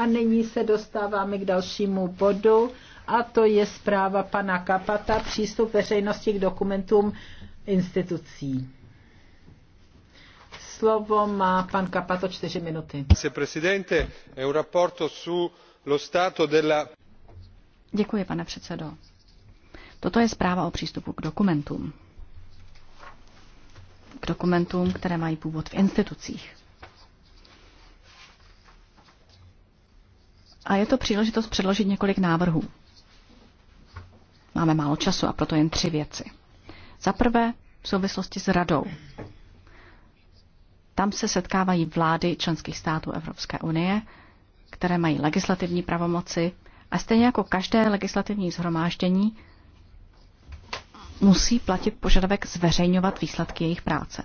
A nyní se dostáváme k dalšímu bodu a to je zpráva pana Kapata, přístup veřejnosti k dokumentům institucí. Slovo má pan Kapato čtyři minuty. Děkuji, pane předsedo. Toto je zpráva o přístupu k dokumentům. K dokumentům, které mají původ v institucích. a je to příležitost předložit několik návrhů. Máme málo času a proto jen tři věci. Za prvé v souvislosti s radou. Tam se setkávají vlády členských států Evropské unie, které mají legislativní pravomoci a stejně jako každé legislativní zhromáždění musí platit požadavek zveřejňovat výsledky jejich práce.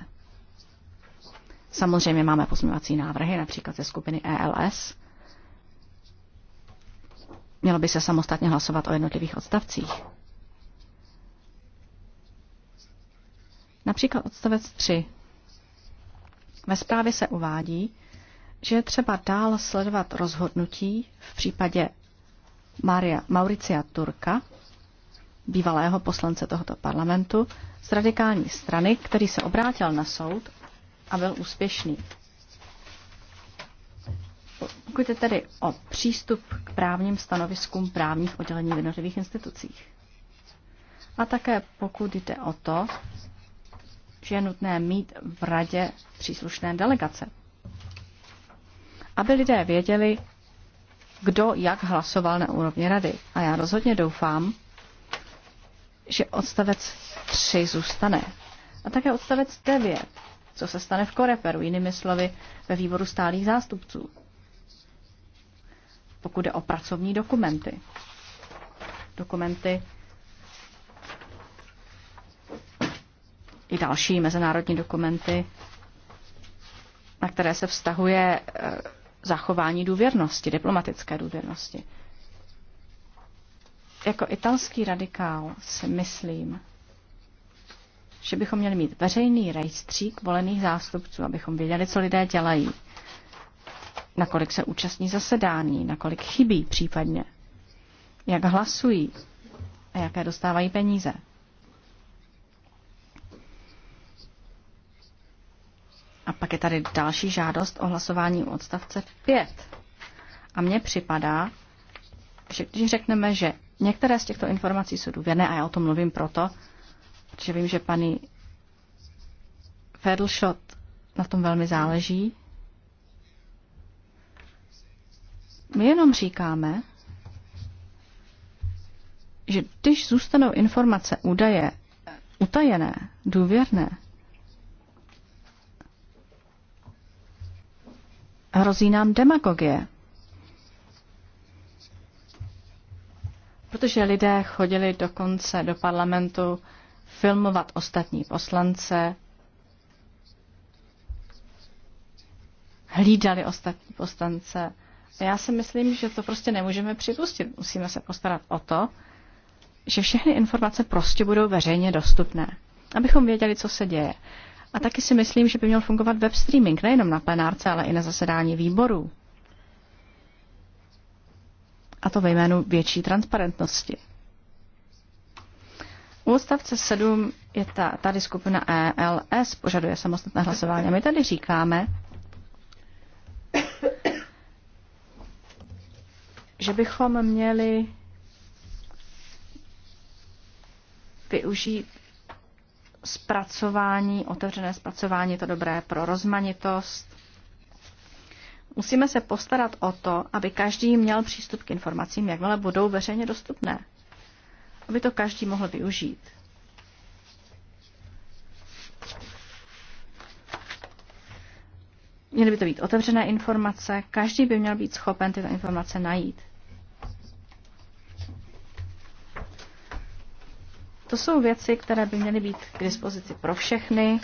Samozřejmě máme pozměňovací návrhy, například ze skupiny ELS, Mělo by se samostatně hlasovat o jednotlivých odstavcích. Například odstavec 3. Ve zprávě se uvádí, že je třeba dál sledovat rozhodnutí v případě Maria, Mauricia Turka, bývalého poslance tohoto parlamentu, z radikální strany, který se obrátil na soud a byl úspěšný. Pokud je tedy o přístup k právním stanoviskům právních oddělení v jednotlivých institucích. A také pokud jde o to, že je nutné mít v radě příslušné delegace. Aby lidé věděli, kdo jak hlasoval na úrovni rady. A já rozhodně doufám, že odstavec 3 zůstane. A také odstavec 9, co se stane v koreperu, jinými slovy ve výboru stálých zástupců pokud jde o pracovní dokumenty. Dokumenty i další mezinárodní dokumenty, na které se vztahuje eh, zachování důvěrnosti, diplomatické důvěrnosti. Jako italský radikál si myslím, že bychom měli mít veřejný rejstřík volených zástupců, abychom věděli, co lidé dělají nakolik se účastní zasedání, nakolik chybí případně, jak hlasují a jaké dostávají peníze. A pak je tady další žádost o hlasování u odstavce 5. A mně připadá, že když řekneme, že některé z těchto informací jsou důvěrné, a já o tom mluvím proto, protože vím, že paní Fedlšot na tom velmi záleží, My jenom říkáme, že když zůstanou informace, údaje utajené, důvěrné, hrozí nám demagogie. Protože lidé chodili dokonce do parlamentu filmovat ostatní poslance, hlídali ostatní poslance, já si myslím, že to prostě nemůžeme připustit. Musíme se postarat o to, že všechny informace prostě budou veřejně dostupné, abychom věděli, co se děje. A taky si myslím, že by měl fungovat web streaming nejenom na plenárce, ale i na zasedání výborů. A to ve jménu větší transparentnosti. U odstavce 7 je ta, tady skupina ELS, požaduje samostatné hlasování. A my tady říkáme, že bychom měli využít zpracování, otevřené zpracování, to dobré pro rozmanitost. Musíme se postarat o to, aby každý měl přístup k informacím, jakmile budou veřejně dostupné. Aby to každý mohl využít. Měly by to být otevřené informace, každý by měl být schopen tyto informace najít. To jsou věci, které by měly být k dispozici pro všechny.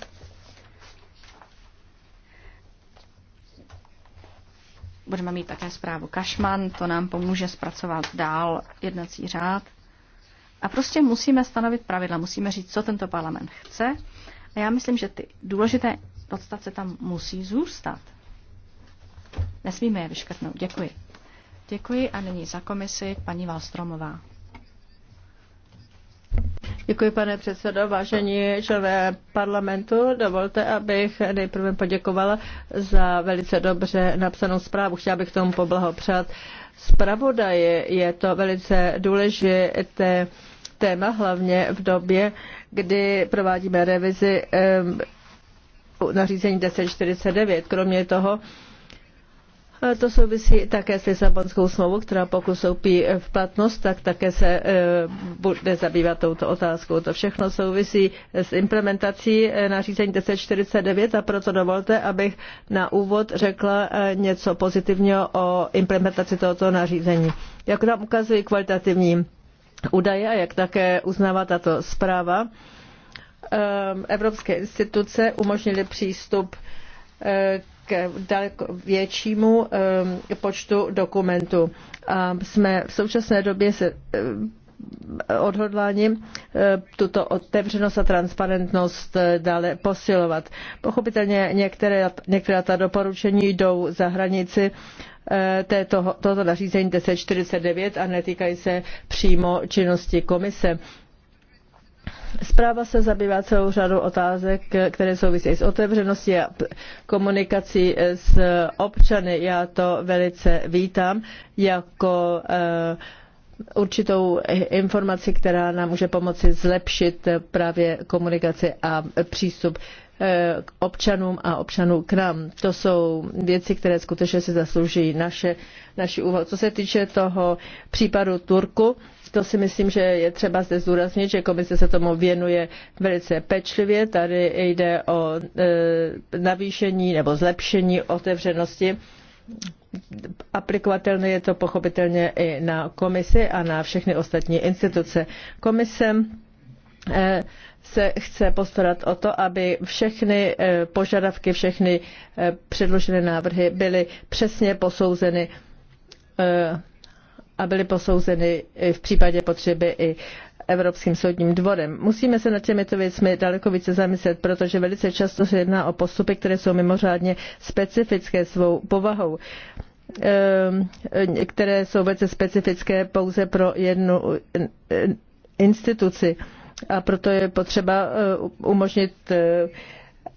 Budeme mít také zprávu Kašman, to nám pomůže zpracovat dál jednací řád. A prostě musíme stanovit pravidla, musíme říct, co tento parlament chce. A já myslím, že ty důležité odstavce tam musí zůstat. Nesmíme je vyškrtnout. Děkuji. Děkuji a nyní za komisi paní Valstromová. Děkuji, pane předsedo. Vážení členové parlamentu, dovolte, abych nejprve poděkovala za velice dobře napsanou zprávu. Chtěla bych tomu poblahopřát. Zpravodaje je to velice důležité téma, hlavně v době, kdy provádíme revizi ehm, nařízení 1049. Kromě toho to souvisí také s Lisabonskou smlouvou, která pokud soupí v platnost, tak také se e, bude zabývat touto otázkou. To všechno souvisí s implementací e, nařízení 1049 a proto dovolte, abych na úvod řekla e, něco pozitivního o implementaci tohoto nařízení. Jak nám ukazují kvalitativní údaje a jak také uznává tato zpráva, evropské instituce umožnily přístup k daleko většímu eh, počtu dokumentů. A jsme v současné době se eh, odhodláním eh, tuto otevřenost a transparentnost dále posilovat. Pochopitelně některé, některá ta doporučení jdou za hranici této, tohoto nařízení 1049 a netýkají se přímo činnosti komise. Zpráva se zabývá celou řadou otázek, které souvisejí s otevřeností a komunikací s občany. Já to velice vítám jako eh, určitou informaci, která nám může pomoci zlepšit právě komunikaci a přístup eh, k občanům a občanů k nám. To jsou věci, které skutečně si zaslouží naše, naši úvahu. Co se týče toho případu Turku, to si myslím, že je třeba zde zdůraznit, že komise se tomu věnuje velice pečlivě. Tady jde o e, navýšení nebo zlepšení otevřenosti. Aplikovatelné je to pochopitelně i na komisi a na všechny ostatní instituce. Komise e, se chce postarat o to, aby všechny e, požadavky, všechny předložené návrhy byly přesně posouzeny a byly posouzeny v případě potřeby i Evropským soudním dvorem. Musíme se nad těmito věcmi daleko více zamyslet, protože velice často se jedná o postupy, které jsou mimořádně specifické svou povahou ehm, které jsou velice specifické pouze pro jednu eh, instituci. A proto je potřeba eh, umožnit eh,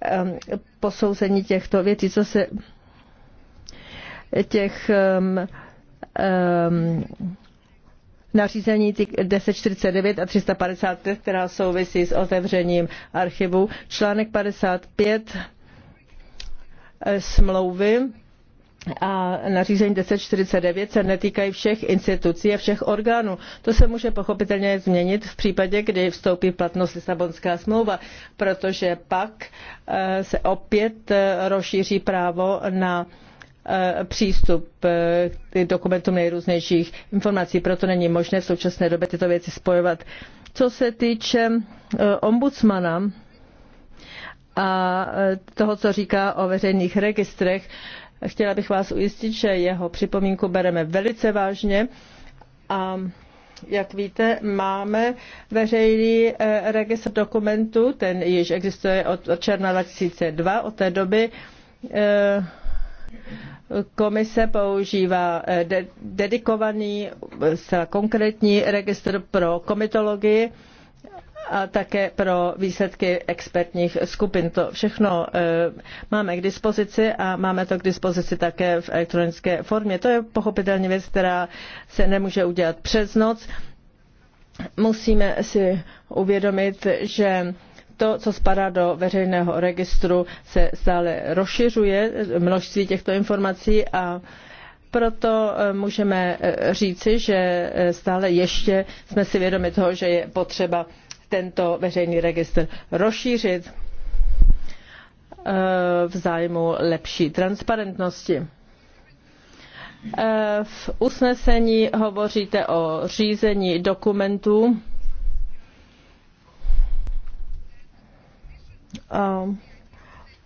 ehm, posouzení těchto věcí, co se těch ehm, Ehm, nařízení 1049 a 355, která souvisí s otevřením archivu. Článek 55 eh, smlouvy a nařízení 1049 se netýkají všech institucí a všech orgánů. To se může pochopitelně změnit v případě, kdy vstoupí v platnost Lisabonská smlouva, protože pak eh, se opět eh, rozšíří právo na Eh, přístup eh, k dokumentům nejrůznějších informací, proto není možné v současné době tyto věci spojovat. Co se týče eh, ombudsmana a toho, co říká o veřejných registrech, chtěla bych vás ujistit, že jeho připomínku bereme velice vážně a jak víte, máme veřejný registr dokumentů, ten již existuje od června 2002, od té doby Komise používá eh, dedikovaný, eh, zcela konkrétní registr pro komitologii a také pro výsledky expertních skupin. To všechno eh, máme k dispozici a máme to k dispozici také v elektronické formě. To je pochopitelně věc, která se nemůže udělat přes noc. Musíme si uvědomit, že to, co spadá do veřejného registru, se stále rozšiřuje množství těchto informací a proto eh, můžeme eh, říci, že eh, stále ještě jsme si vědomi toho, že je potřeba tento veřejný registr rozšířit v zájmu lepší transparentnosti. V usnesení hovoříte o řízení dokumentů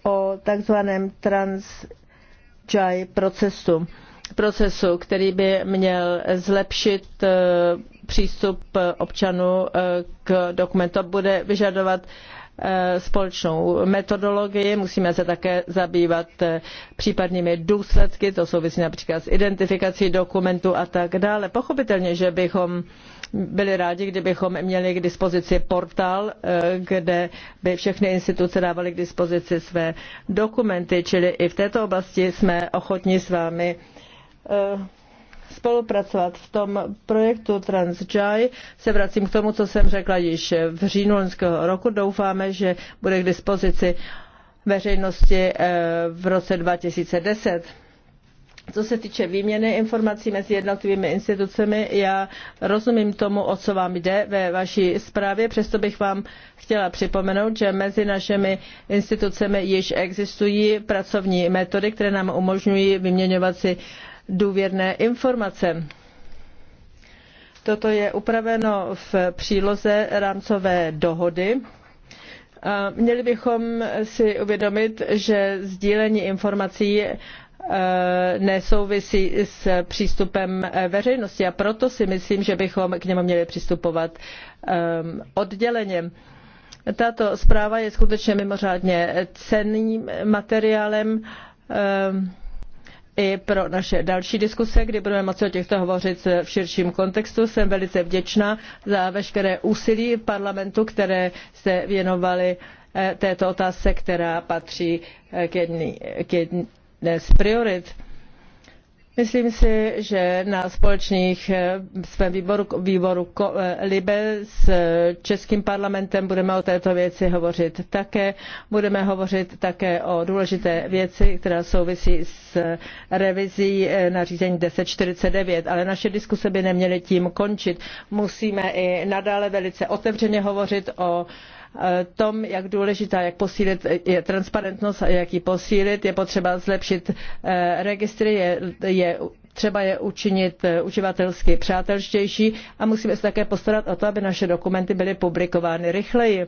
o takzvaném transjai procesu, procesu, který by měl zlepšit eh, přístup občanů eh, k dokumentu. Bude vyžadovat Eh, společnou metodologii, musíme se také zabývat eh, případnými důsledky, to souvisí například s identifikací dokumentů a tak dále. Pochopitelně, že bychom byli rádi, kdybychom měli k dispozici portál, eh, kde by všechny instituce dávaly k dispozici své dokumenty, čili i v této oblasti jsme ochotni s vámi spolupracovat v tom projektu TransJai. Se vracím k tomu, co jsem řekla již v říjnu loňského roku. Doufáme, že bude k dispozici veřejnosti eh, v roce 2010. Co se týče výměny informací mezi jednotlivými institucemi, já rozumím tomu, o co vám jde ve vaší zprávě, přesto bych vám chtěla připomenout, že mezi našimi institucemi již existují pracovní metody, které nám umožňují vyměňovat si uh, důvěrné informace. Toto je upraveno v příloze rámcové dohody. A měli bychom si uvědomit, že sdílení informací e, nesouvisí s přístupem e, veřejnosti a proto si myslím, že bychom k němu měli přistupovat ehm, odděleně. Tato zpráva je skutečně mimořádně cenným materiálem. Ehm, i pro naše další diskuse, kdy budeme moci o těchto hovořit v širším kontextu. Jsem velice vděčná za veškeré úsilí parlamentu, které se věnovali eh, této otázce, která patří eh, k jedné z priorit. Myslím si, že na společných eh, svém výboru, eh, LIBE s eh, Českým parlamentem budeme o této věci hovořit také. Budeme hovořit také o důležité věci, která souvisí s revizí nařízení 1049, ale naše diskuse by neměly tím končit. Musíme i nadále velice otevřeně hovořit o Eh, tom, jak důležitá, jak posílit je transparentnost a jak ji posílit. Je potřeba zlepšit eh, registry, je, třeba je učinit eh, uživatelsky přátelštější a musíme se také postarat o to, aby naše dokumenty byly publikovány rychleji.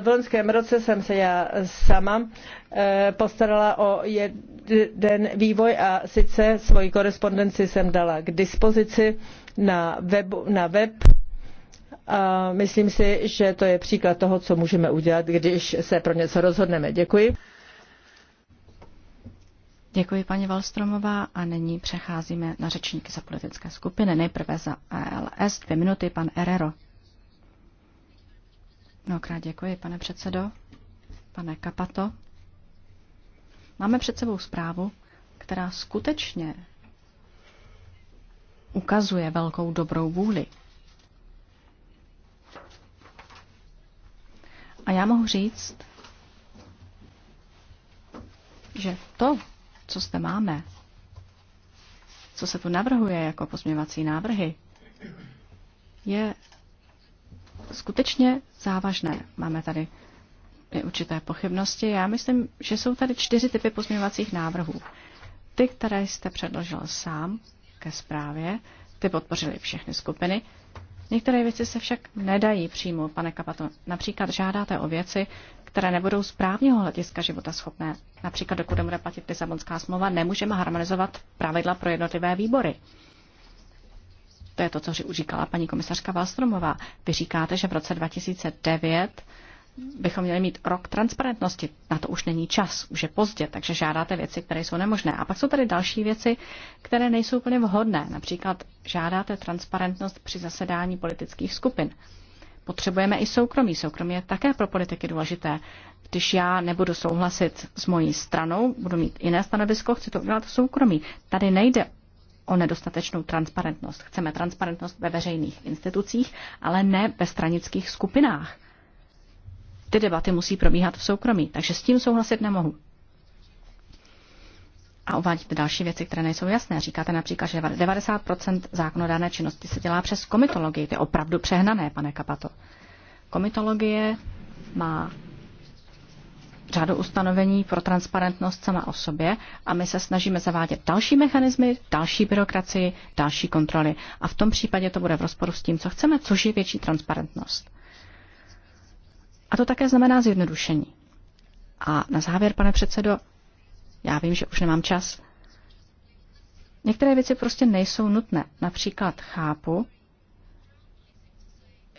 V loňském roce jsem se já sama postarala o jeden vývoj a sice svoji korespondenci jsem dala k dispozici na, na web myslím si, že to je příklad toho, co můžeme udělat, když se pro něco rozhodneme. Děkuji. Děkuji, paní Valstromová. A nyní přecházíme na řečníky za politické skupiny. Nejprve za ALS. Dvě minuty, pan Herrero. Mnohokrát děkuji, pane předsedo, pane Kapato. Máme před sebou zprávu, která skutečně ukazuje velkou dobrou vůli A já mohu říct, že to, co zde máme, co se tu navrhuje jako pozměňovací návrhy, je skutečně závažné. Máme tady určité pochybnosti. Já myslím, že jsou tady čtyři typy pozměňovacích návrhů. Ty, které jste předložil sám ke zprávě, ty podpořili všechny skupiny Některé věci se však nedají přímo, pane Kapato. Například žádáte o věci, které nebudou z právního hlediska života schopné. Například dokud bude platit Lisabonská smlouva, nemůžeme harmonizovat pravidla pro jednotlivé výbory. To je to, co říkala paní komisařka Valstromová. Vy říkáte, že v roce 2009 bychom měli mít rok transparentnosti. Na to už není čas, už je pozdě, takže žádáte věci, které jsou nemožné. A pak jsou tady další věci, které nejsou úplně vhodné. Například žádáte transparentnost při zasedání politických skupin. Potřebujeme i soukromí. Soukromí je také pro politiky důležité. Když já nebudu souhlasit s mojí stranou, budu mít jiné stanovisko, chci to udělat v soukromí. Tady nejde o nedostatečnou transparentnost. Chceme transparentnost ve veřejných institucích, ale ne ve stranických skupinách ty debaty musí probíhat v soukromí. Takže s tím souhlasit nemohu. A uvádíte další věci, které nejsou jasné. Říkáte například, že 90% zákonodárné činnosti se dělá přes komitologii. To je opravdu přehnané, pane Kapato. Komitologie má řadu ustanovení pro transparentnost sama o sobě a my se snažíme zavádět další mechanismy, další byrokracii, další kontroly. A v tom případě to bude v rozporu s tím, co chceme, což je větší transparentnost. A to také znamená zjednodušení. A na závěr, pane předsedo, já vím, že už nemám čas. Některé věci prostě nejsou nutné. Například chápu,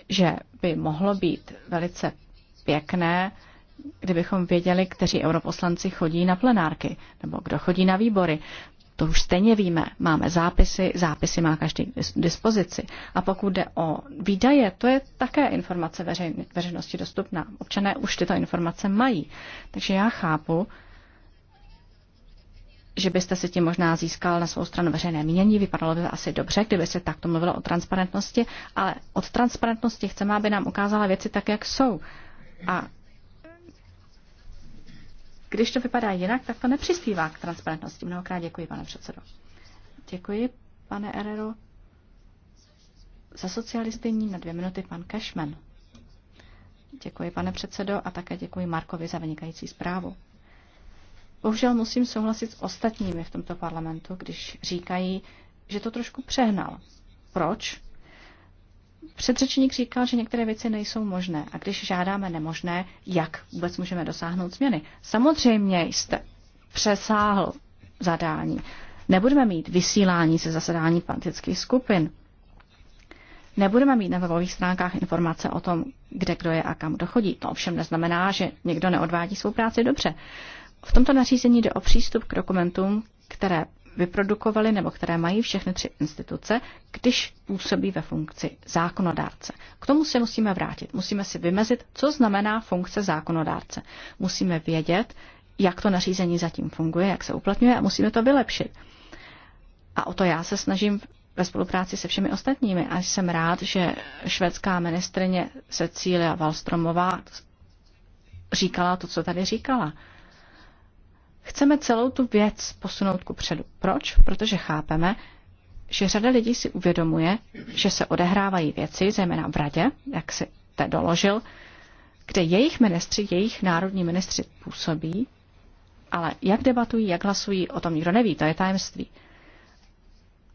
že by mohlo být velice pěkné, kdybychom věděli, kteří europoslanci chodí na plenárky nebo kdo chodí na výbory. To už stejně víme. Máme zápisy, zápisy má každý dispozici. A pokud jde o výdaje, to je také informace veřejn, veřejnosti dostupná. Občané už tyto informace mají. Takže já chápu, že byste si tím možná získal na svou stranu veřejné mínění, vypadalo by to asi dobře, kdyby se takto mluvilo o transparentnosti, ale od transparentnosti chceme, aby nám ukázala věci tak, jak jsou. A když to vypadá jinak, tak to nepřispívá k transparentnosti. Mnohokrát děkuji, pane předsedo. Děkuji, pane Erero. Za socialisty na dvě minuty pan Cashman. Děkuji, pane předsedo, a také děkuji Markovi za vynikající zprávu. Bohužel musím souhlasit s ostatními v tomto parlamentu, když říkají, že to trošku přehnal. Proč? Předřečník říkal, že některé věci nejsou možné a když žádáme nemožné, jak vůbec můžeme dosáhnout změny? Samozřejmě jste přesáhl zadání. Nebudeme mít vysílání se zasedání politických skupin. Nebudeme mít na webových stránkách informace o tom, kde kdo je a kam dochodí. To ovšem neznamená, že někdo neodvádí svou práci dobře. V tomto nařízení jde o přístup k dokumentům, které vyprodukovaly nebo které mají všechny tři instituce, když působí ve funkci zákonodárce. K tomu se musíme vrátit. Musíme si vymezit, co znamená funkce zákonodárce. Musíme vědět, jak to nařízení zatím funguje, jak se uplatňuje a musíme to vylepšit. A o to já se snažím ve spolupráci se všemi ostatními a jsem rád, že švédská ministrině Cecília Valstromová říkala to, co tady říkala. Chceme celou tu věc posunout ku předu. Proč? Protože chápeme, že řada lidí si uvědomuje, že se odehrávají věci, zejména v radě, jak si te doložil, kde jejich ministři, jejich národní ministři působí, ale jak debatují, jak hlasují, o tom nikdo neví, to je tajemství.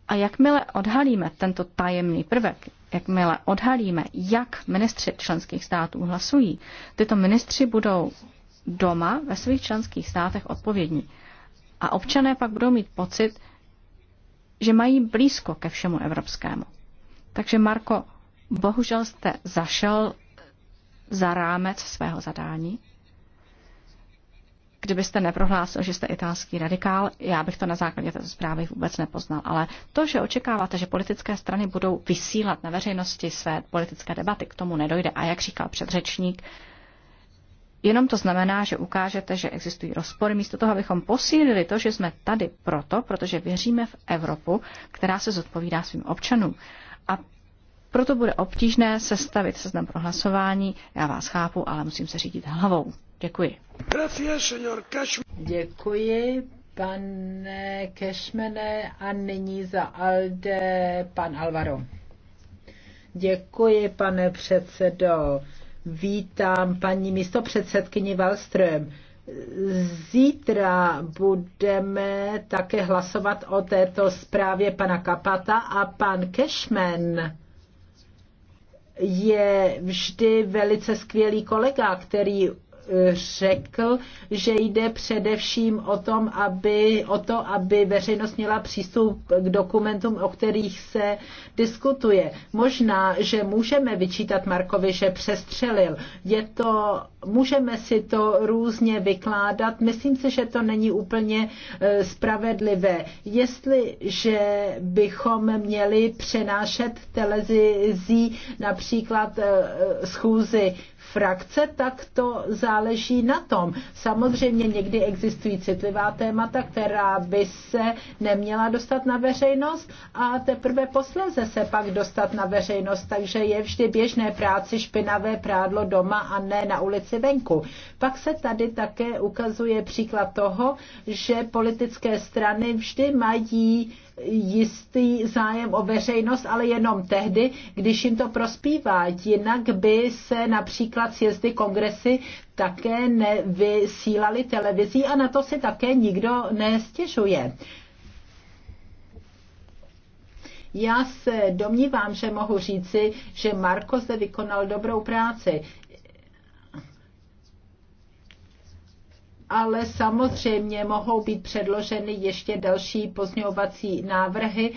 A jakmile odhalíme tento tajemný prvek, jakmile odhalíme, jak ministři členských států hlasují, tyto ministři budou doma ve svých členských státech odpovědní. A občané pak budou mít pocit, že mají blízko ke všemu evropskému. Takže Marko, bohužel jste zašel za rámec svého zadání. Kdybyste neprohlásil, že jste italský radikál, já bych to na základě této zprávy vůbec nepoznal. Ale to, že očekáváte, že politické strany budou vysílat na veřejnosti své politické debaty, k tomu nedojde. A jak říkal předřečník, Jenom to znamená, že ukážete, že existují rozpory, místo toho, abychom posílili to, že jsme tady proto, protože věříme v Evropu, která se zodpovídá svým občanům. A proto bude obtížné sestavit seznam pro hlasování. Já vás chápu, ale musím se řídit hlavou. Děkuji. Děkuji, pane Kešmene, a nyní za Alde pan Alvaro. Děkuji, pane předsedo. Vítám paní místo předsedkyni Wallström. Zítra budeme také hlasovat o této zprávě pana Kapata a pan Cashman je vždy velice skvělý kolega, který řekl, že jde především o, tom, aby, o to, aby veřejnost měla přístup k dokumentům, o kterých se diskutuje. Možná, že můžeme vyčítat Markovi, že přestřelil. Je to, můžeme si to různě vykládat. Myslím si, že to není úplně e, spravedlivé. Jestliže bychom měli přenášet televizí například e, schůzy frakce, tak to záleží na tom. Samozřejmě někdy existují citlivá témata, která by se neměla dostat na veřejnost a teprve posléze se pak dostat na veřejnost, takže je vždy běžné práci špinavé prádlo doma a ne na ulici venku. Pak se tady také ukazuje příklad toho, že politické strany vždy mají jistý zájem o veřejnost, ale jenom tehdy, když jim to prospívá. Jinak by se například sjezdy kongresy také nevysílaly televizí a na to si také nikdo nestěžuje. Já se domnívám, že mohu říci, že Marko zde vykonal dobrou práci. ale samozřejmě mohou být předloženy ještě další pozňovací návrhy,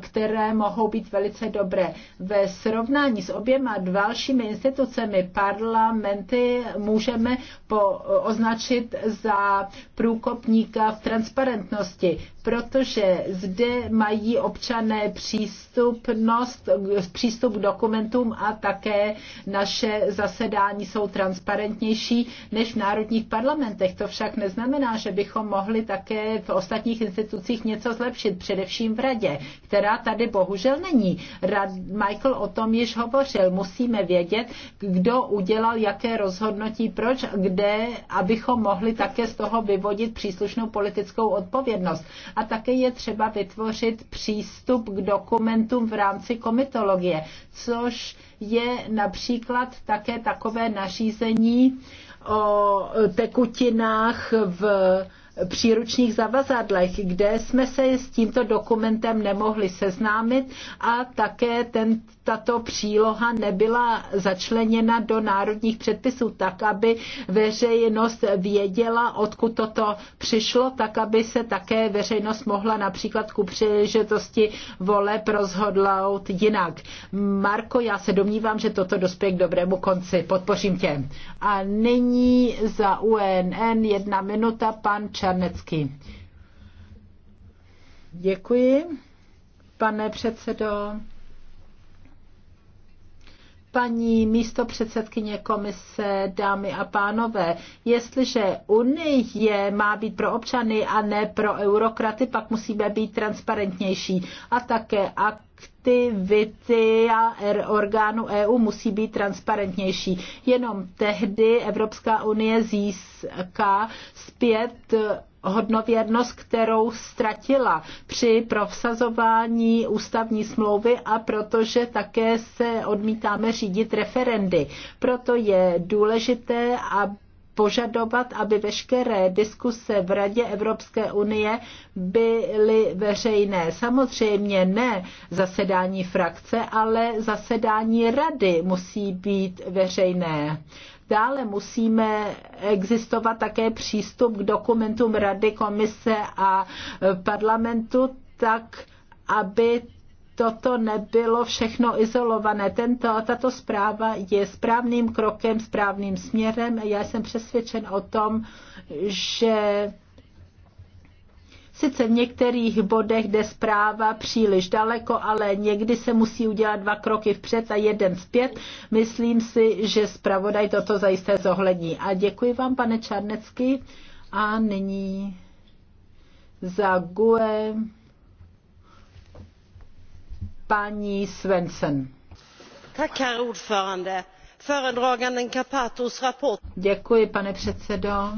které mohou být velice dobré. Ve srovnání s oběma dalšími institucemi parlamenty můžeme označit za průkopníka v transparentnosti protože zde mají občané přístupnost, přístup k dokumentům a také naše zasedání jsou transparentnější než v národních parlamentech. To však neznamená, že bychom mohli také v ostatních institucích něco zlepšit, především v radě, která tady bohužel není. Rad, Michael o tom již hovořil. Musíme vědět, kdo udělal jaké rozhodnutí, proč, kde, abychom mohli také z toho vyvodit příslušnou politickou odpovědnost a také je třeba vytvořit přístup k dokumentům v rámci komitologie, což je například také takové nařízení o tekutinách v příručních zavazadlech, kde jsme se s tímto dokumentem nemohli seznámit a také ten, tato příloha nebyla začleněna do národních předpisů tak, aby veřejnost věděla, odkud toto přišlo, tak, aby se také veřejnost mohla například ku příležitosti voleb rozhodnout jinak. Marko, já se domnívám, že toto dospěje k dobrému konci. Podpořím tě. A nyní za UNN jedna minuta pan Čer Čarnecký. Děkuji, pane předsedo paní místo předsedkyně komise, dámy a pánové, jestliže Unie má být pro občany a ne pro eurokraty, pak musíme být transparentnější a také aktivity a er- orgánu e EU musí být transparentnější. Jenom tehdy Evropská unie získá zpět hodnověrnost, kterou ztratila při prosazování ústavní smlouvy a protože také se odmítáme řídit referendy. Proto je důležité, aby požadovat, aby veškeré diskuse v Radě Evropské unie byly veřejné. Samozřejmě ne zasedání frakce, ale zasedání rady musí být veřejné. Dále musíme existovat také přístup k dokumentům Rady, Komise a e, parlamentu, tak aby toto nebylo všechno izolované. Tento, tato zpráva je správným krokem, správným směrem. Já jsem přesvědčen o tom, že Sice v některých bodech jde zpráva příliš daleko, ale někdy se musí udělat dva kroky vpřed a jeden zpět. Myslím si, že zpravodaj toto zajisté zohlední. A děkuji vám, pane Čarnecký. A nyní za GUE paní Svensson. Tak, Děkuji, pane předsedo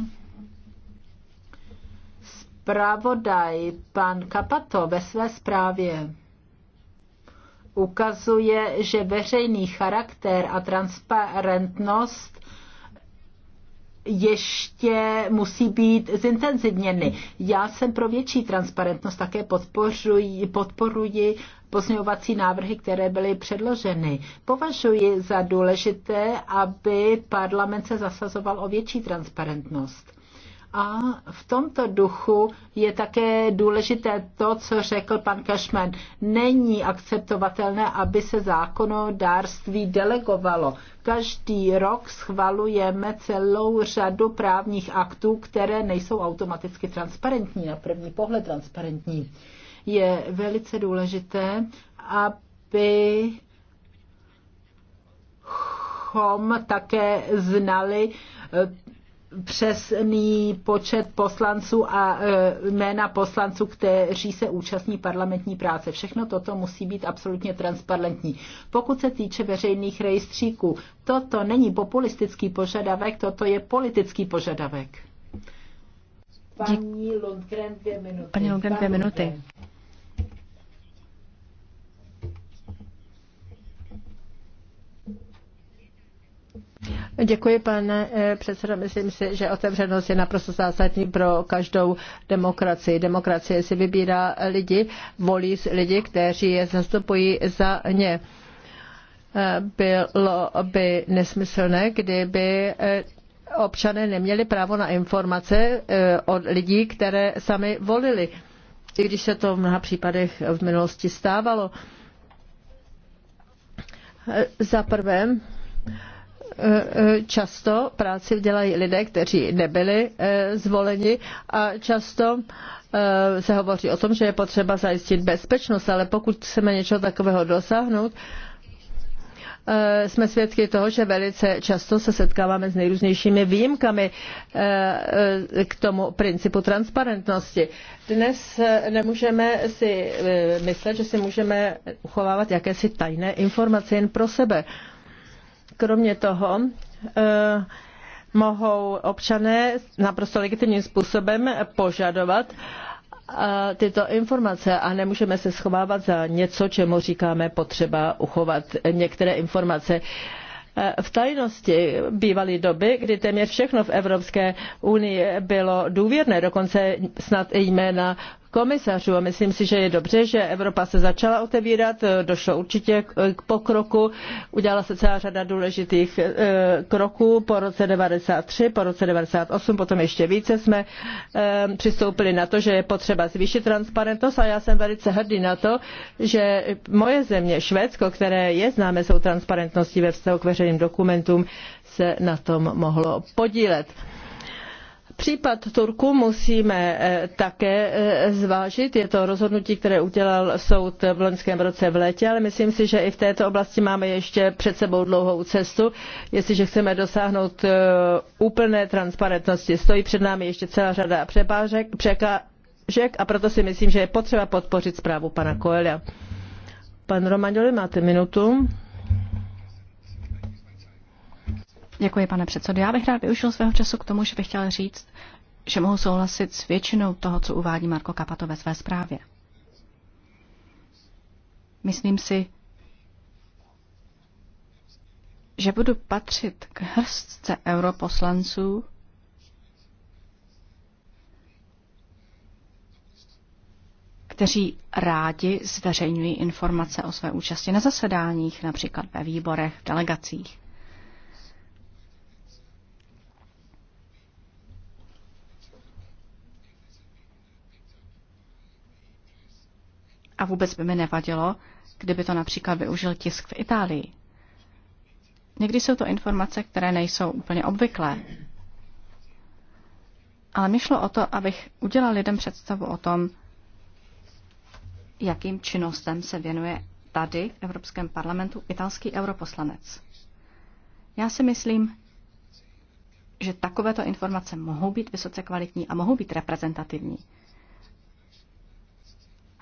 zpravodaj pan Kapato ve své zprávě ukazuje, že veřejný charakter a transparentnost ještě musí být zintenzivněny. Já jsem pro větší transparentnost také podporuji, podporuji pozměňovací návrhy, které byly předloženy. Považuji za důležité, aby parlament se zasazoval o větší transparentnost. A v tomto duchu je také důležité to, co řekl pan Cashman. Není akceptovatelné, aby se zákonodárství delegovalo. Každý rok schvalujeme celou řadu právních aktů, které nejsou automaticky transparentní, na první pohled transparentní. Je velice důležité, aby také znali eh, přesný počet poslanců a e, jména poslanců, kteří se účastní parlamentní práce. Všechno toto musí být absolutně transparentní. Pokud se týče veřejných rejstříků, toto není populistický požadavek, toto je politický požadavek. Paní Lundgren, dvě minuty. Paní Lundgren, dvě minuty. Děkuji, pane eh, předsedo. Myslím si, že otevřenost je naprosto zásadní pro každou demokracii. Demokracie si vybírá lidi, volí lidi, kteří je zastupují za ně. Eh, bylo by nesmyslné, kdyby eh, občané neměli právo na informace od lidí, které sami volili, i když se to v mnoha případech v minulosti stávalo. Za prvé, často práci dělají lidé, kteří nebyli eh, zvoleni a často eh, se hovoří o tom, že je potřeba zajistit bezpečnost, ale pokud chceme něčeho takového dosáhnout, eh, jsme svědky toho, že velice často se setkáváme s nejrůznějšími výjimkami k tomu principu transparentnosti. Dnes nemůžeme si myslet, že si můžeme uchovávat jakési tajné informace jen pro sebe. Kromě toho eh, mohou občané naprosto legitimním způsobem požadovat eh, tyto informace a nemůžeme se schovávat za něco, čemu říkáme potřeba uchovat některé informace. Eh, v tajnosti bývaly doby, kdy téměř všechno v Evropské unii bylo důvěrné, dokonce snad i jména komisařů a myslím si, že je dobře, že Evropa se začala otevírat, došlo určitě k pokroku, udělala se celá řada důležitých eh, kroků po roce 93, po roce 98, potom ještě více jsme eh, přistoupili na to, že je potřeba zvýšit transparentnost a já jsem velice hrdý na to, že moje země, Švédsko, které je známé svou transparentností ve vztahu k veřejným dokumentům, se na tom mohlo podílet. Případ Turku musíme eh, také eh, zvážit. Je to rozhodnutí, které udělal soud v loňském roce v létě, ale myslím si, že i v této oblasti máme ještě před sebou dlouhou cestu, jestliže chceme dosáhnout eh, úplné transparentnosti. Stojí před námi ještě celá řada přepážek, překážek a proto si myslím, že je potřeba podpořit zprávu pana Koelia. Pan Romagnoli, máte minutu. Děkuji, pane předsedo. Já bych rád využil svého času k tomu, že bych chtěl říct, že mohu souhlasit s většinou toho, co uvádí Marko Kapato ve své zprávě. Myslím si, že budu patřit k hrstce europoslanců, kteří rádi zveřejňují informace o své účasti na zasedáních, například ve výborech, v delegacích. A vůbec by mi nevadilo, kdyby to například využil tisk v Itálii. Někdy jsou to informace, které nejsou úplně obvyklé. Ale mi šlo o to, abych udělal lidem představu o tom, jakým činnostem se věnuje tady v Evropském parlamentu italský europoslanec. Já si myslím, že takovéto informace mohou být vysoce kvalitní a mohou být reprezentativní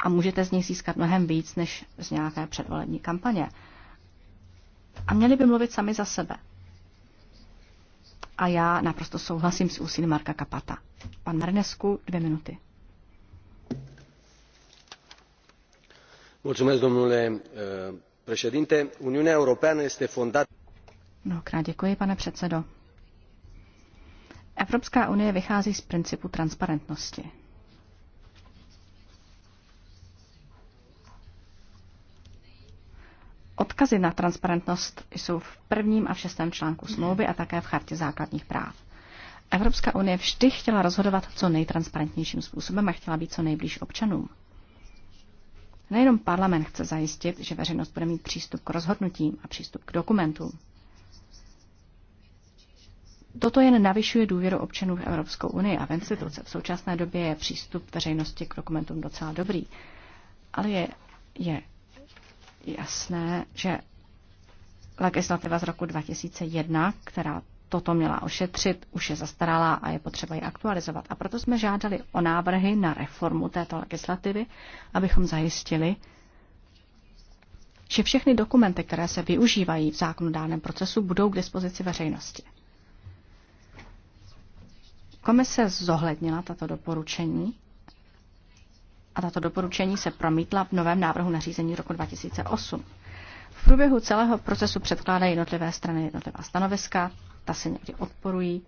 a můžete z nich získat mnohem víc než z nějaké předvolební kampaně. A měli by mluvit sami za sebe. A já naprosto souhlasím s úsilím Marka Kapata. Pan Marnesku, dvě minuty. Mulțumesc, domnule eh, președinte. Uniunea Europeană este fondată... Mnohokrát děkuji, pane předsedo. Evropská unie vychází z principu transparentnosti. Odkazy na transparentnost jsou v prvním a v šestém článku smlouvy a také v chartě základních práv. Evropská unie vždy chtěla rozhodovat co nejtransparentnějším způsobem a chtěla být co nejblíž občanům. Nejenom parlament chce zajistit, že veřejnost bude mít přístup k rozhodnutím a přístup k dokumentům. Toto jen navyšuje důvěru občanů v Evropskou unii a v instituce. V současné době je přístup veřejnosti k dokumentům docela dobrý, ale je, je jasné, že legislativa z roku 2001, která toto měla ošetřit, už je zastaralá a je potřeba ji aktualizovat. A proto jsme žádali o návrhy na reformu této legislativy, abychom zajistili, že všechny dokumenty, které se využívají v zákonodárném procesu, budou k dispozici veřejnosti. Komise zohlednila tato doporučení a tato doporučení se promítla v novém návrhu nařízení roku 2008. V průběhu celého procesu předkládají jednotlivé strany jednotlivá stanoviska, ta se někdy odporují.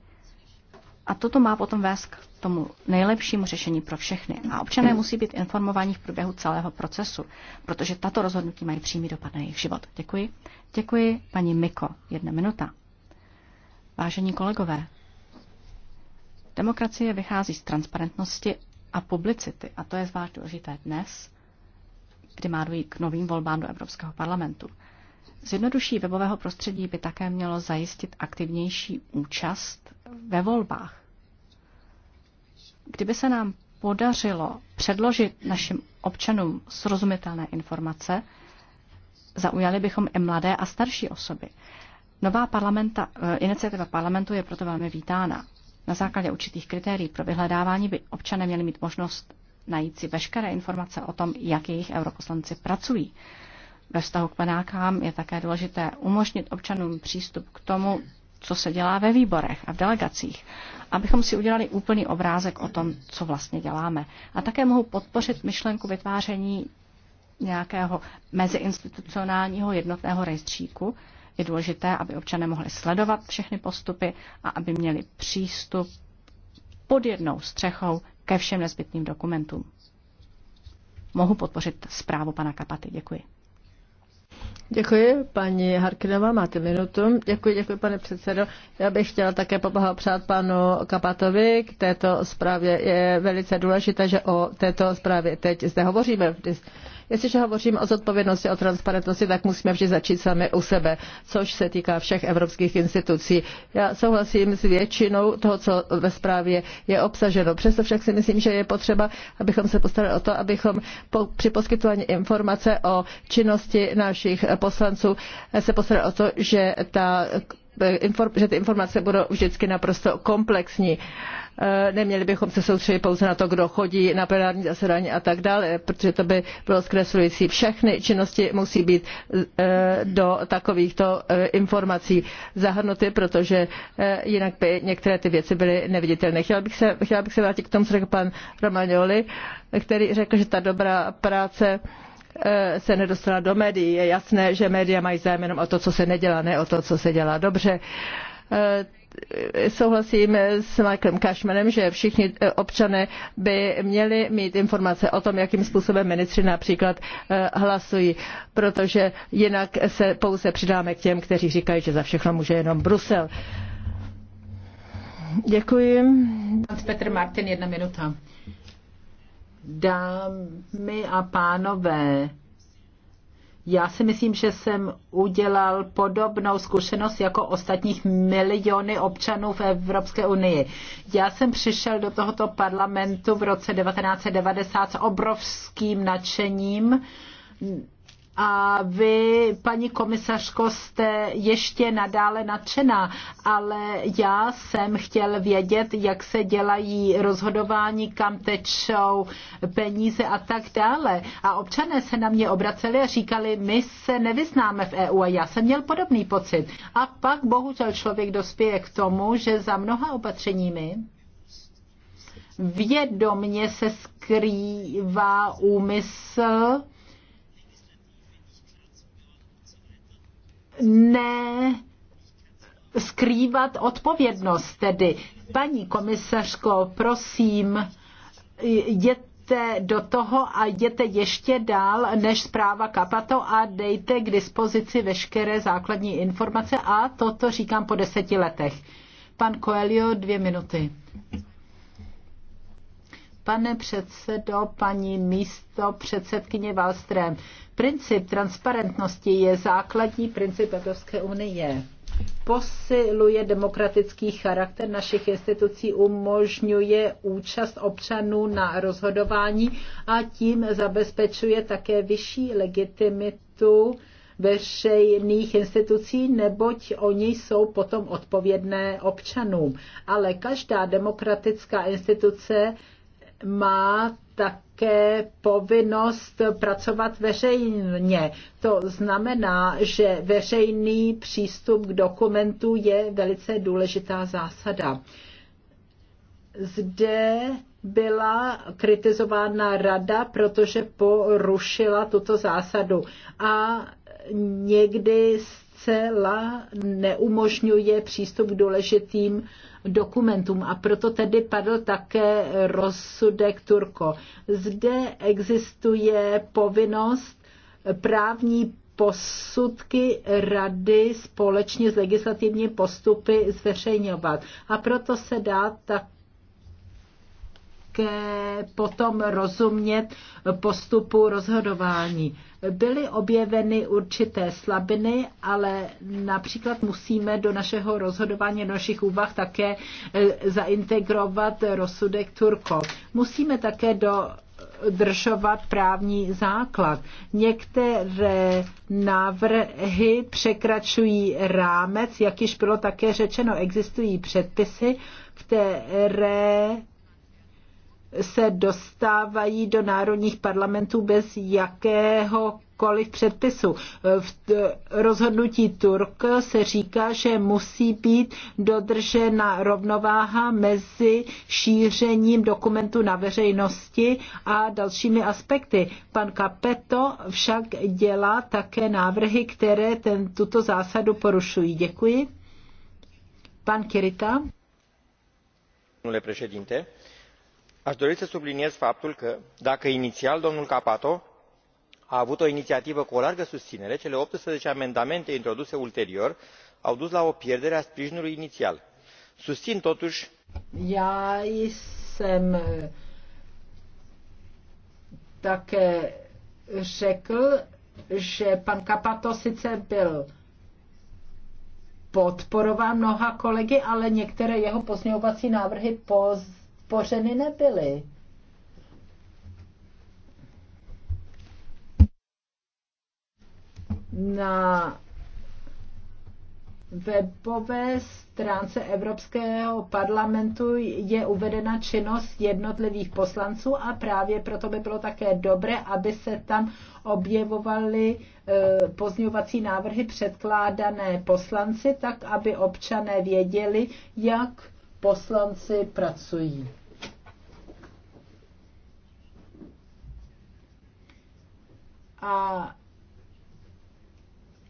A toto má potom vést k tomu nejlepšímu řešení pro všechny. A občané musí být informováni v průběhu celého procesu, protože tato rozhodnutí mají přímý dopad na jejich život. Děkuji. Děkuji, paní Miko. Jedna minuta. Vážení kolegové, demokracie vychází z transparentnosti a publicity. A to je zvlášť důležité dnes, kdy má dojít k novým volbám do Evropského parlamentu. Zjednodušení webového prostředí by také mělo zajistit aktivnější účast ve volbách. Kdyby se nám podařilo předložit našim občanům srozumitelné informace, zaujali bychom i mladé a starší osoby. Nová parlamenta, eh, iniciativa parlamentu je proto velmi vítána. Na základě určitých kritérií pro vyhledávání by občané měli mít možnost najít si veškeré informace o tom, jak jejich europoslanci pracují. Ve vztahu k panákám je také důležité umožnit občanům přístup k tomu, co se dělá ve výborech a v delegacích, abychom si udělali úplný obrázek o tom, co vlastně děláme. A také mohu podpořit myšlenku vytváření nějakého meziinstitucionálního jednotného rejstříku, je důležité, aby občané mohli sledovat všechny postupy a aby měli přístup pod jednou střechou ke všem nezbytným dokumentům. Mohu podpořit zprávu pana Kapaty. Děkuji. Děkuji, paní Harkinová, máte minutu. Děkuji, děkuji, pane předsedo. Já bych chtěla také poblahopřát panu Kapatovi k této zprávě. Je velice důležité, že o této zprávě teď zde hovoříme. V Jestliže hovořím o zodpovědnosti, o transparentnosti, tak musíme vždy začít sami u sebe, což se týká všech evropských institucí. Já souhlasím s většinou toho, co ve zprávě je obsaženo. Přesto však si myslím, že je potřeba, abychom se postarali o to, abychom po, při poskytování informace o činnosti našich poslanců se postarali o to, že ta že ty informace budou vždycky naprosto komplexní. Eh, neměli bychom se soustředit pouze na to, kdo chodí na plenární zasedání a tak dále, protože to by bylo zkreslující. Všechny činnosti musí být eh, do takovýchto eh, informací zahrnuty, protože jinak by některé ty věci byly neviditelné. Chtěla bych se, chtěla bych se vrátit k tomu, co řekl pan Romagnoli, který řekl, že ta dobrá práce se nedostala do médií. Je jasné, že média mají zájem jenom o to, co se nedělá, ne o to, co se dělá dobře souhlasím s Michaelem Cashmanem, že všichni eh, občané by měli mít informace o tom, jakým způsobem ministři například eh, hlasují, protože jinak se pouze přidáme k těm, kteří říkají, že za všechno může jenom Brusel. Děkuji. Petr Martin, jedna minuta. Dámy a pánové, já si myslím, že jsem udělal podobnou zkušenost jako ostatních miliony občanů v Evropské unii. Já jsem přišel do tohoto parlamentu v roce 1990 s obrovským nadšením a vy, paní komisařko, jste ještě nadále nadšená, ale já jsem chtěl vědět, jak se dělají rozhodování, kam tečou peníze a tak dále. A občané se na mě obraceli a říkali, my se nevyznáme v EU a já jsem měl podobný pocit. A pak bohužel člověk dospěje k tomu, že za mnoha opatřeními vědomně se skrývá úmysl, ne skrývat odpovědnost tedy. Paní komisařko, prosím, jděte do toho a jděte ještě dál než zpráva Kapato a dejte k dispozici veškeré základní informace a toto říkám po deseti letech. Pan Coelho, dvě minuty. Pane předsedo, paní místo předsedkyně Valstrém, Princip transparentnosti je základní princip Evropské unie posiluje demokratický charakter našich institucí, umožňuje účast občanů na rozhodování a tím zabezpečuje také vyšší legitimitu veřejných institucí, neboť oni jsou potom odpovědné občanům. Ale každá demokratická instituce má také povinnost pracovat veřejně. To znamená, že veřejný přístup k dokumentu je velice důležitá zásada. Zde byla kritizována rada, protože porušila tuto zásadu a někdy zcela neumožňuje přístup k důležitým dokumentům a proto tedy padl také rozsudek Turko. Zde existuje povinnost právní posudky rady společně s legislativní postupy zveřejňovat. A proto se dá tak také potom rozumět postupu rozhodování. Byly objeveny určité slabiny, ale například musíme do našeho rozhodování, do našich úvah také eh, zaintegrovat rozsudek Turko. Musíme také do držovat právní základ. Některé návrhy překračují rámec, jak již bylo také řečeno, existují předpisy, které se dostávají do národních parlamentů bez jakého jakéhokoliv předpisu. V rozhodnutí Turk se říká, že musí být dodržena rovnováha mezi šířením dokumentu na veřejnosti a dalšími aspekty. Pan Kapeto však dělá také návrhy, které ten, tuto zásadu porušují. Děkuji. Pan Kirita. Pane předsedající, aș dori să subliniez faptul că dacă inițial domnul cappato a avut o inițiativă cu o largă susținere cele optsprezece amendamente introduse ulterior au dus la o pierdere a sprijinului inițial. susțin totuși eh, podpořeny nebyly. Na webové stránce Evropského parlamentu je uvedena činnost jednotlivých poslanců a právě proto by bylo také dobré, aby se tam objevovaly e, pozňovací návrhy předkládané poslanci, tak aby občané věděli, jak poslanci pracují. a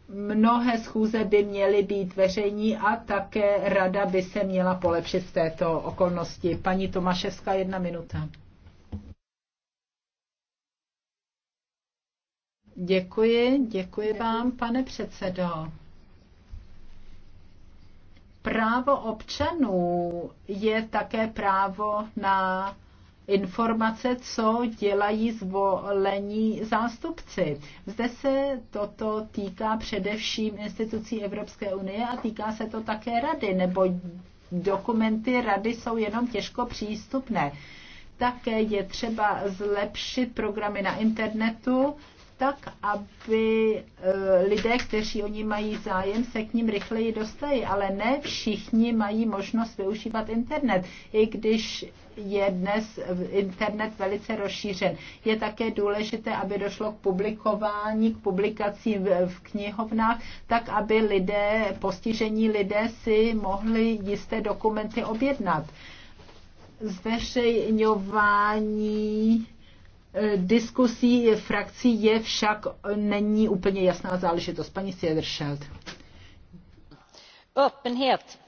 mnohé schůze by měly být veřejní a také rada by se měla polepšit v této okolnosti. Paní Tomaševská, jedna minuta. Děkuji, děkuji vám, pane předsedo. Právo občanů je také právo na informace, co dělají zvolení zástupci. Zde se toto týká především institucí Evropské unie a týká se to také rady, nebo dokumenty rady jsou jenom těžko přístupné. Také je třeba zlepšit programy na internetu tak aby e, lidé, kteří o ní mají zájem, se k ním rychleji dostají, ale ne všichni mají možnost využívat internet, i když je dnes internet velice rozšířen. Je také důležité, aby došlo k publikování, k publikacím v knihovnách, tak aby lidé, postižení lidé si mohli jisté dokumenty objednat. Zveřejňování diskusí frakcí je však není úplně jasná záležitost. Paní Sederscheld. Öppenhet.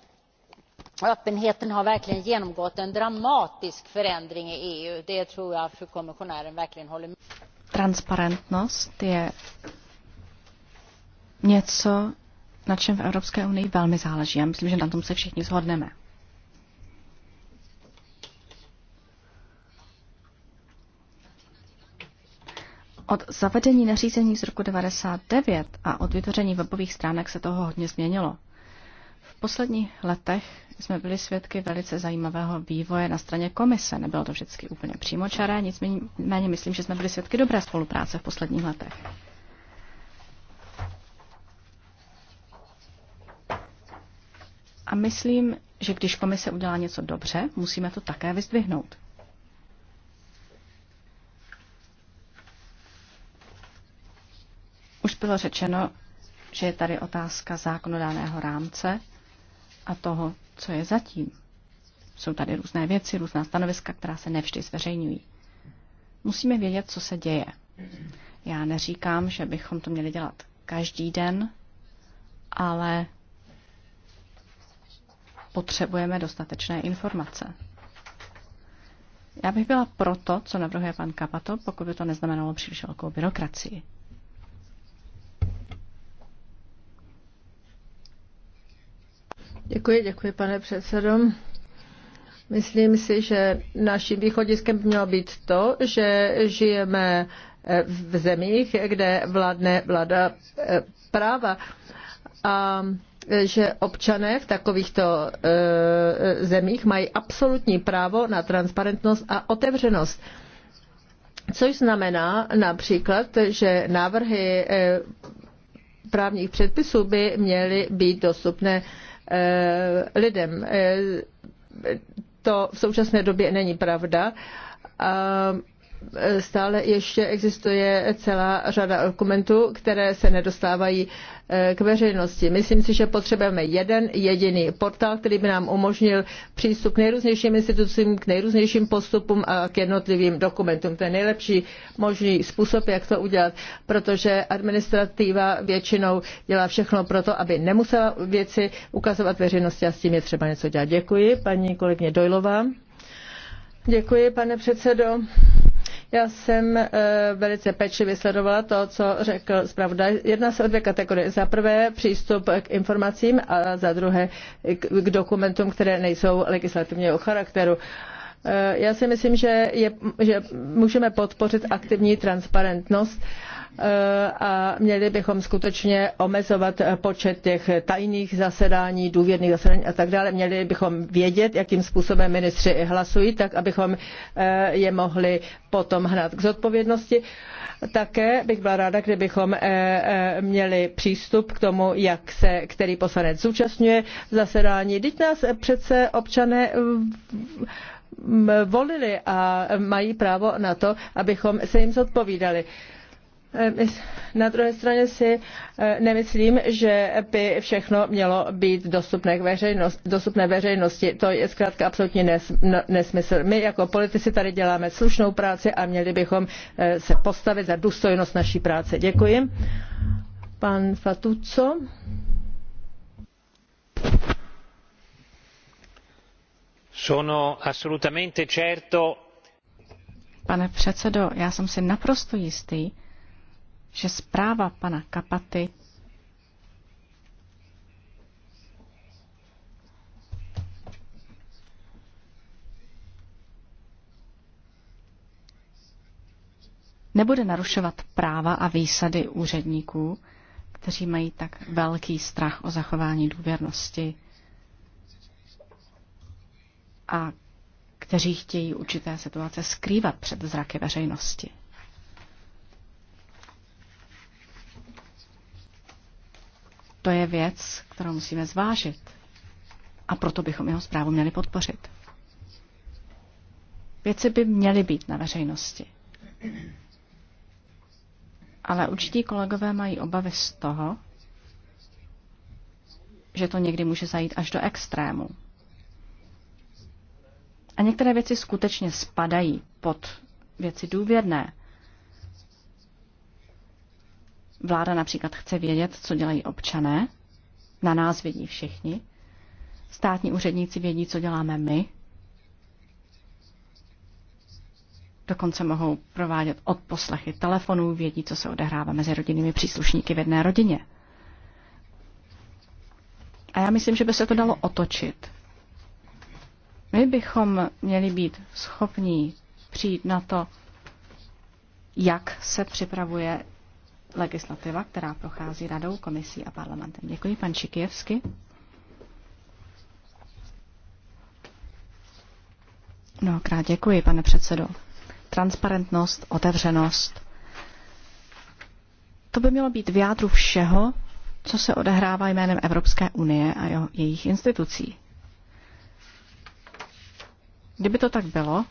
Öppenheten har verkligen genomgått en dramatisk förändring i EU. Det tror jag för kommissionären verkligen håller med Transparentnost det är něco, na čem v Evropské unii velmi záleží. Já myslím, že na tom se všichni shodneme. Od zavedení nařízení z roku 99 a od vytvoření webových stránek se toho hodně změnilo. V posledních letech jsme byli svědky velice zajímavého vývoje na straně komise. Nebylo to vždycky úplně přímočaré, nicméně myslím, že jsme byli svědky dobré spolupráce v posledních letech. A myslím, že když komise udělá něco dobře, musíme to také vyzdvihnout. bylo řečeno, že je tady otázka zákonodáného rámce a toho, co je zatím. Jsou tady různé věci, různá stanoviska, která se nevždy zveřejňují. Musíme vědět, co se děje. Já neříkám, že bychom to měli dělat každý den, ale potřebujeme dostatečné informace. Já bych byla proto, co navrhuje pan Kapato, pokud by to neznamenalo příliš velkou byrokracii. Děkuji, děkuji, pane předsedo. Myslím si, že naším východiskem mělo být to, že žijeme v zemích, kde vládne vláda eh, práva a že občané v takovýchto eh, zemích mají absolutní právo na transparentnost a otevřenost. Což znamená například, že návrhy eh, právních předpisů by měly být dostupné Eh, lidem. Eh, to v současné době není pravda stále ještě existuje celá řada dokumentů, které se nedostávají eh, k veřejnosti. Myslím si, že potřebujeme jeden jediný portál, který by nám umožnil přístup k nejrůznějším institucím, k nejrůznějším postupům a k jednotlivým dokumentům. To je nejlepší možný způsob, jak to udělat, protože administrativa většinou dělá všechno pro to, aby nemusela věci ukazovat veřejnosti a s tím je třeba něco dělat. Děkuji, paní kolegyně Dojlová. Děkuji, pane předsedo. Já jsem eh, velice pečlivě sledovala to, co řekl zpravodaj. Jedna se o dvě kategorie. Za prvé přístup k informacím a za druhé k dokumentům, které nejsou legislativního charakteru. Eh, já si myslím, že, je, že můžeme podpořit aktivní transparentnost eh, a měli bychom skutečně omezovat počet těch tajných zasedání, důvěrných zasedání a tak dále. Měli bychom vědět, jakým způsobem ministři hlasují, tak abychom eh, je mohli potom hnat k zodpovědnosti. Také bych byla ráda, kdybychom měli přístup k tomu, jak se který poslanec zúčastňuje zasedání. Teď nás přece občané volili a mají právo na to, abychom se jim zodpovídali. E, na druhé straně si e, nemyslím, že by všechno mělo být dostupné, k dostupné veřejnosti. To je zkrátka absolutně nesmysl. My jako politici tady děláme slušnou práci a měli bychom e, se postavit za důstojnost naší práce. Děkuji. Pan Fatuco. Pane předsedo, já jsem si naprosto jistý, že zpráva pana Kapaty nebude narušovat práva a výsady úředníků, kteří mají tak velký strach o zachování důvěrnosti a kteří chtějí určité situace skrývat před zraky veřejnosti. To je věc, kterou musíme zvážit. A proto bychom jeho zprávu měli podpořit. Věci by měly být na veřejnosti. Ale určití kolegové mají obavy z toho, že to někdy může zajít až do extrému. A některé věci skutečně spadají pod věci důvěrné. Vláda například chce vědět, co dělají občané, na nás vědí všichni, státní úředníci vědí, co děláme my, dokonce mohou provádět odposlechy telefonů, vědí, co se odehrává mezi rodinnými příslušníky v jedné rodině. A já myslím, že by se to dalo otočit my bychom měli být schopní přijít na to, jak se připravuje legislativa, která prochází radou, komisí a parlamentem. Děkuji, pan No, Mnohokrát děkuji, pane předsedo. Transparentnost, otevřenost. To by mělo být v jádru všeho, co se odehrává jménem Evropské unie a jeho, jejich institucí. Kdyby to tak bylo,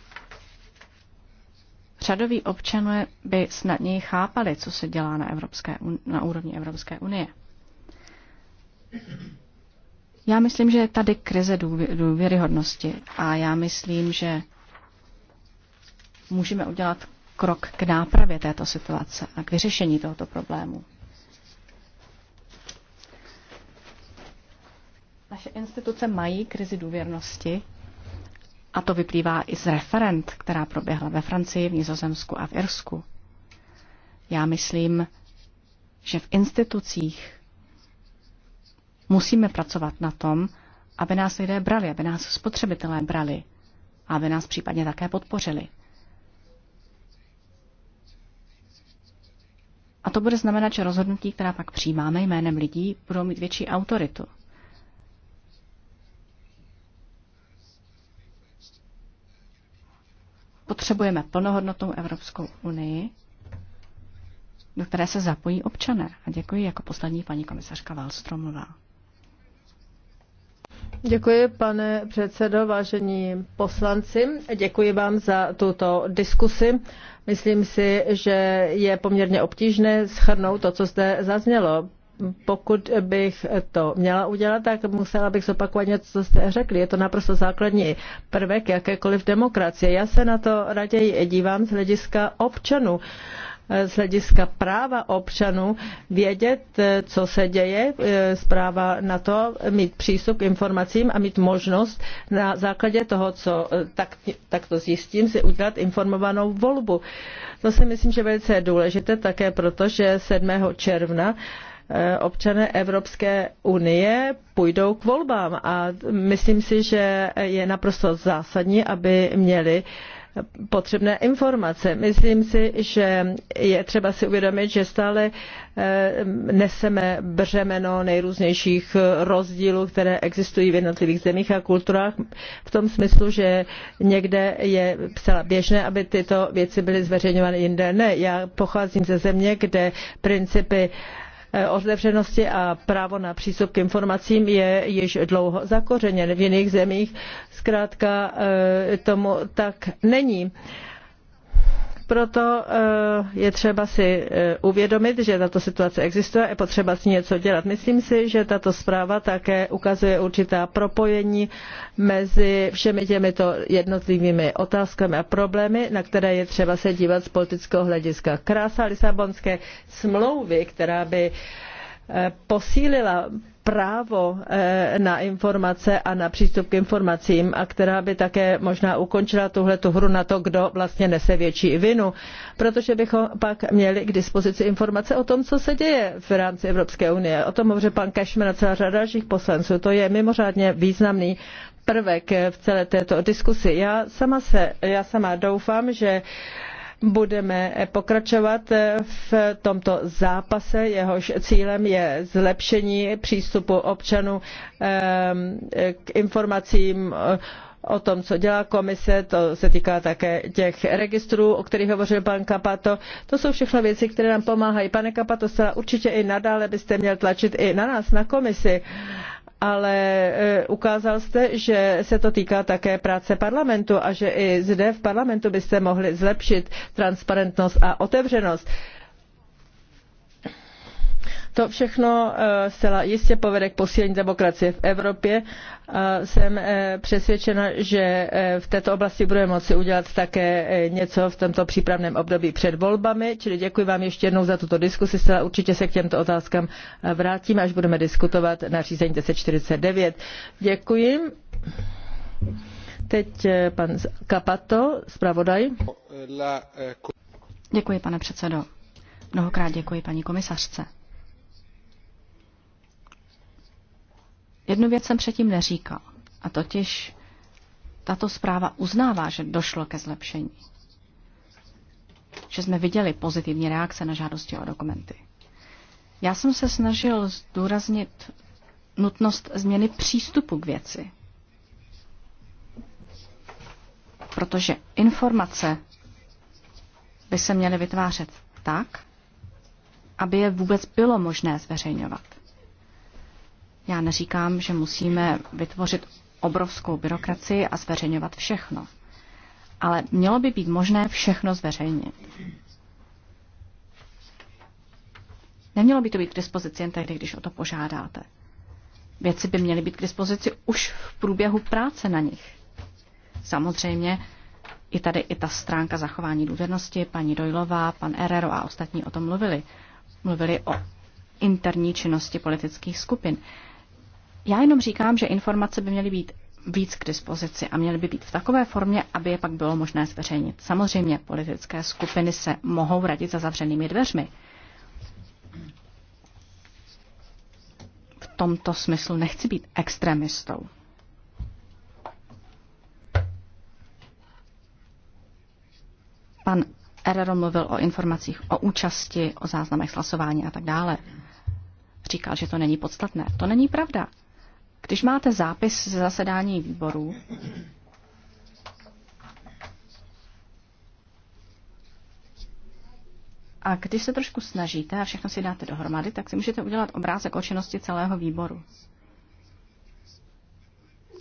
řadoví občané by snadněji chápali, co se dělá na, Evropské, na úrovni Evropské unie. Já myslím, že je tady krize důvěryhodnosti a já myslím, že můžeme udělat krok k nápravě této situace a k vyřešení tohoto problému. Naše instituce mají krizi důvěrnosti a to vyplývá i z referent, která proběhla ve Francii, v Nizozemsku a v Irsku. Já myslím, že v institucích musíme pracovat na tom, aby nás lidé brali, aby nás spotřebitelé brali a aby nás případně také podpořili. A to bude znamenat, že rozhodnutí, která pak přijímáme jménem lidí, budou mít větší autoritu. Potřebujeme plnohodnotnou Evropskou unii, do které se zapojí občané. A děkuji jako poslední paní komisařka Valstromová. Děkuji, pane předsedo, vážení poslanci. Děkuji vám za tuto diskusi. Myslím si, že je poměrně obtížné schrnout to, co zde zaznělo pokud bych to měla udělat, tak musela bych zopakovat něco, co jste řekli. Je to naprosto základní prvek jakékoliv demokracie. Já se na to raději dívám z hlediska občanů z hlediska práva občanů vědět, co se děje, zpráva na to, mít přístup k informacím a mít možnost na základě toho, co tak, tak to zjistím, si udělat informovanou volbu. To si myslím, že je velice důležité také proto, že 7. června Eh, občané Evropské unie půjdou k volbám a myslím si, že je naprosto zásadní, aby měli potřebné informace. Myslím si, že je třeba si uvědomit, že stále eh, neseme břemeno nejrůznějších rozdílů, které existují v jednotlivých zemích a kulturách, v tom smyslu, že někde je psala běžné, aby tyto věci byly zveřejňovány, jinde ne. Já pocházím ze země, kde principy Eh, otevřenosti a právo na přístup k informacím je již dlouho zakořeněn. V jiných zemích zkrátka eh, tomu tak není. Proto eh, je třeba si eh, uvědomit, že tato situace existuje a je potřeba s ní něco dělat. Myslím si, že tato zpráva také ukazuje určitá propojení mezi všemi těmito jednotlivými otázkami a problémy, na které je třeba se dívat z politického hlediska. Krása Lisabonské smlouvy, která by eh, posílila právo eh, na informace a na přístup k informacím a která by také možná ukončila tuhle hru na to, kdo vlastně nese větší vinu, protože bychom pak měli k dispozici informace o tom, co se děje v rámci Evropské unie. O tom mluví pan Cashman a celá řada dalších poslanců. To je mimořádně významný prvek v celé této diskusi. Já sama, se, já sama doufám, že budeme pokračovat v tomto zápase, jehož cílem je zlepšení přístupu občanů ehm, k informacím eh, o tom, co dělá komise, to se týká také těch registrů, o kterých hovořil pan Kapato. To jsou všechno věci, které nám pomáhají. Pane Kapato, zcela určitě i nadále byste měl tlačit i na nás, na komisi, ale e, ukázal jste, že se to týká také práce parlamentu a že i zde v parlamentu byste mohli zlepšit transparentnost a otevřenost. To všechno eh, zcela jistě povede k posílení demokracie v Evropě a eh, jsem eh, přesvědčena, že v této oblasti budeme moci udělat také něco v tomto přípravném období před volbami, čili děkuji vám ještě jednou za tuto diskusi. Zcela určitě se k těmto otázkám vrátíme, až budeme diskutovat na řízení 1049. Děkuji. Teď pan Kapato, zpravodaj. Děkuji, pane předsedo. Mnohokrát děkuji paní komisařce. Jednu věc jsem předtím neříkal, a totiž tato zpráva uznává, že došlo ke zlepšení. Že jsme viděli pozitivní reakce na žádosti o dokumenty. Já jsem se snažil zdůraznit nutnost změny přístupu k věci. Protože informace by se měly vytvářet tak, aby je vůbec bylo možné zveřejňovat. Já neříkám, že musíme vytvořit obrovskou byrokracii a zveřejňovat všechno. Ale mělo by být možné všechno zveřejnit. Nemělo by to být k dispozici jen tehdy, když o to požádáte. Věci by měly být k dispozici už v průběhu práce na nich. Samozřejmě i tady i ta stránka zachování důvěrnosti, paní Dojlová, pan Erero a ostatní o tom mluvili. Mluvili o interní činnosti politických skupin. Já jenom říkám, že informace by měly být víc k dispozici a měly by být v takové formě, aby je pak bylo možné zveřejnit. Samozřejmě politické skupiny se mohou radit za zavřenými dveřmi. V tomto smyslu nechci být extremistou. Pan Erero mluvil o informacích o účasti, o záznamech hlasování a tak dále. Říkal, že to není podstatné. To není pravda. Když máte zápis ze zasedání výboru, a když se trošku snažíte a všechno si dáte dohromady, tak si můžete udělat obrázek o činnosti celého výboru.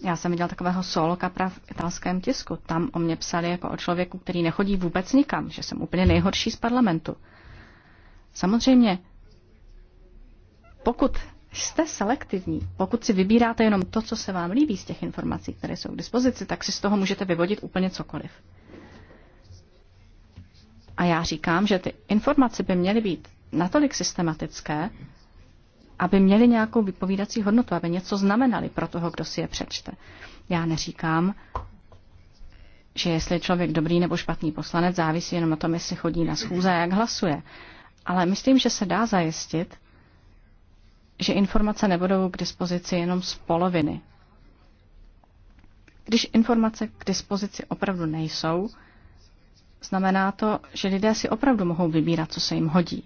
Já jsem viděl takového solo kapra v italském tisku. Tam o mě psali jako o člověku, který nechodí vůbec nikam, že jsem úplně nejhorší z parlamentu. Samozřejmě, pokud jste selektivní. Pokud si vybíráte jenom to, co se vám líbí z těch informací, které jsou k dispozici, tak si z toho můžete vyvodit úplně cokoliv. A já říkám, že ty informace by měly být natolik systematické, aby měly nějakou vypovídací hodnotu, aby něco znamenaly pro toho, kdo si je přečte. Já neříkám, že jestli je člověk dobrý nebo špatný poslanec, závisí jenom na tom, jestli chodí na schůze a jak hlasuje. Ale myslím, že se dá zajistit, že informace nebudou k dispozici jenom z poloviny. Když informace k dispozici opravdu nejsou, znamená to, že lidé si opravdu mohou vybírat, co se jim hodí.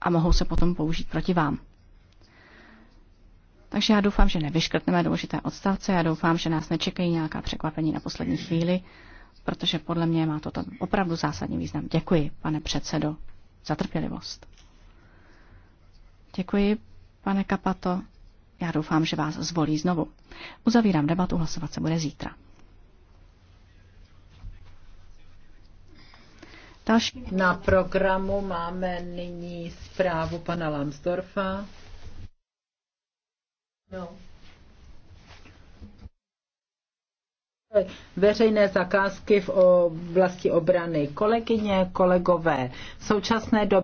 A mohou se potom použít proti vám. Takže já doufám, že nevyškrtneme důležité odstavce, já doufám, že nás nečekají nějaká překvapení na poslední chvíli, protože podle mě má toto opravdu zásadní význam. Děkuji, pane předsedo, za trpělivost. Děkuji, pane Kapato. Já doufám, že vás zvolí znovu. Uzavírám debatu, hlasovat se bude zítra. Další. Na programu máme nyní zprávu pana Lambsdorfa. No. veřejné zakázky v oblasti obrany. Kolegyně, kolegové, v současné době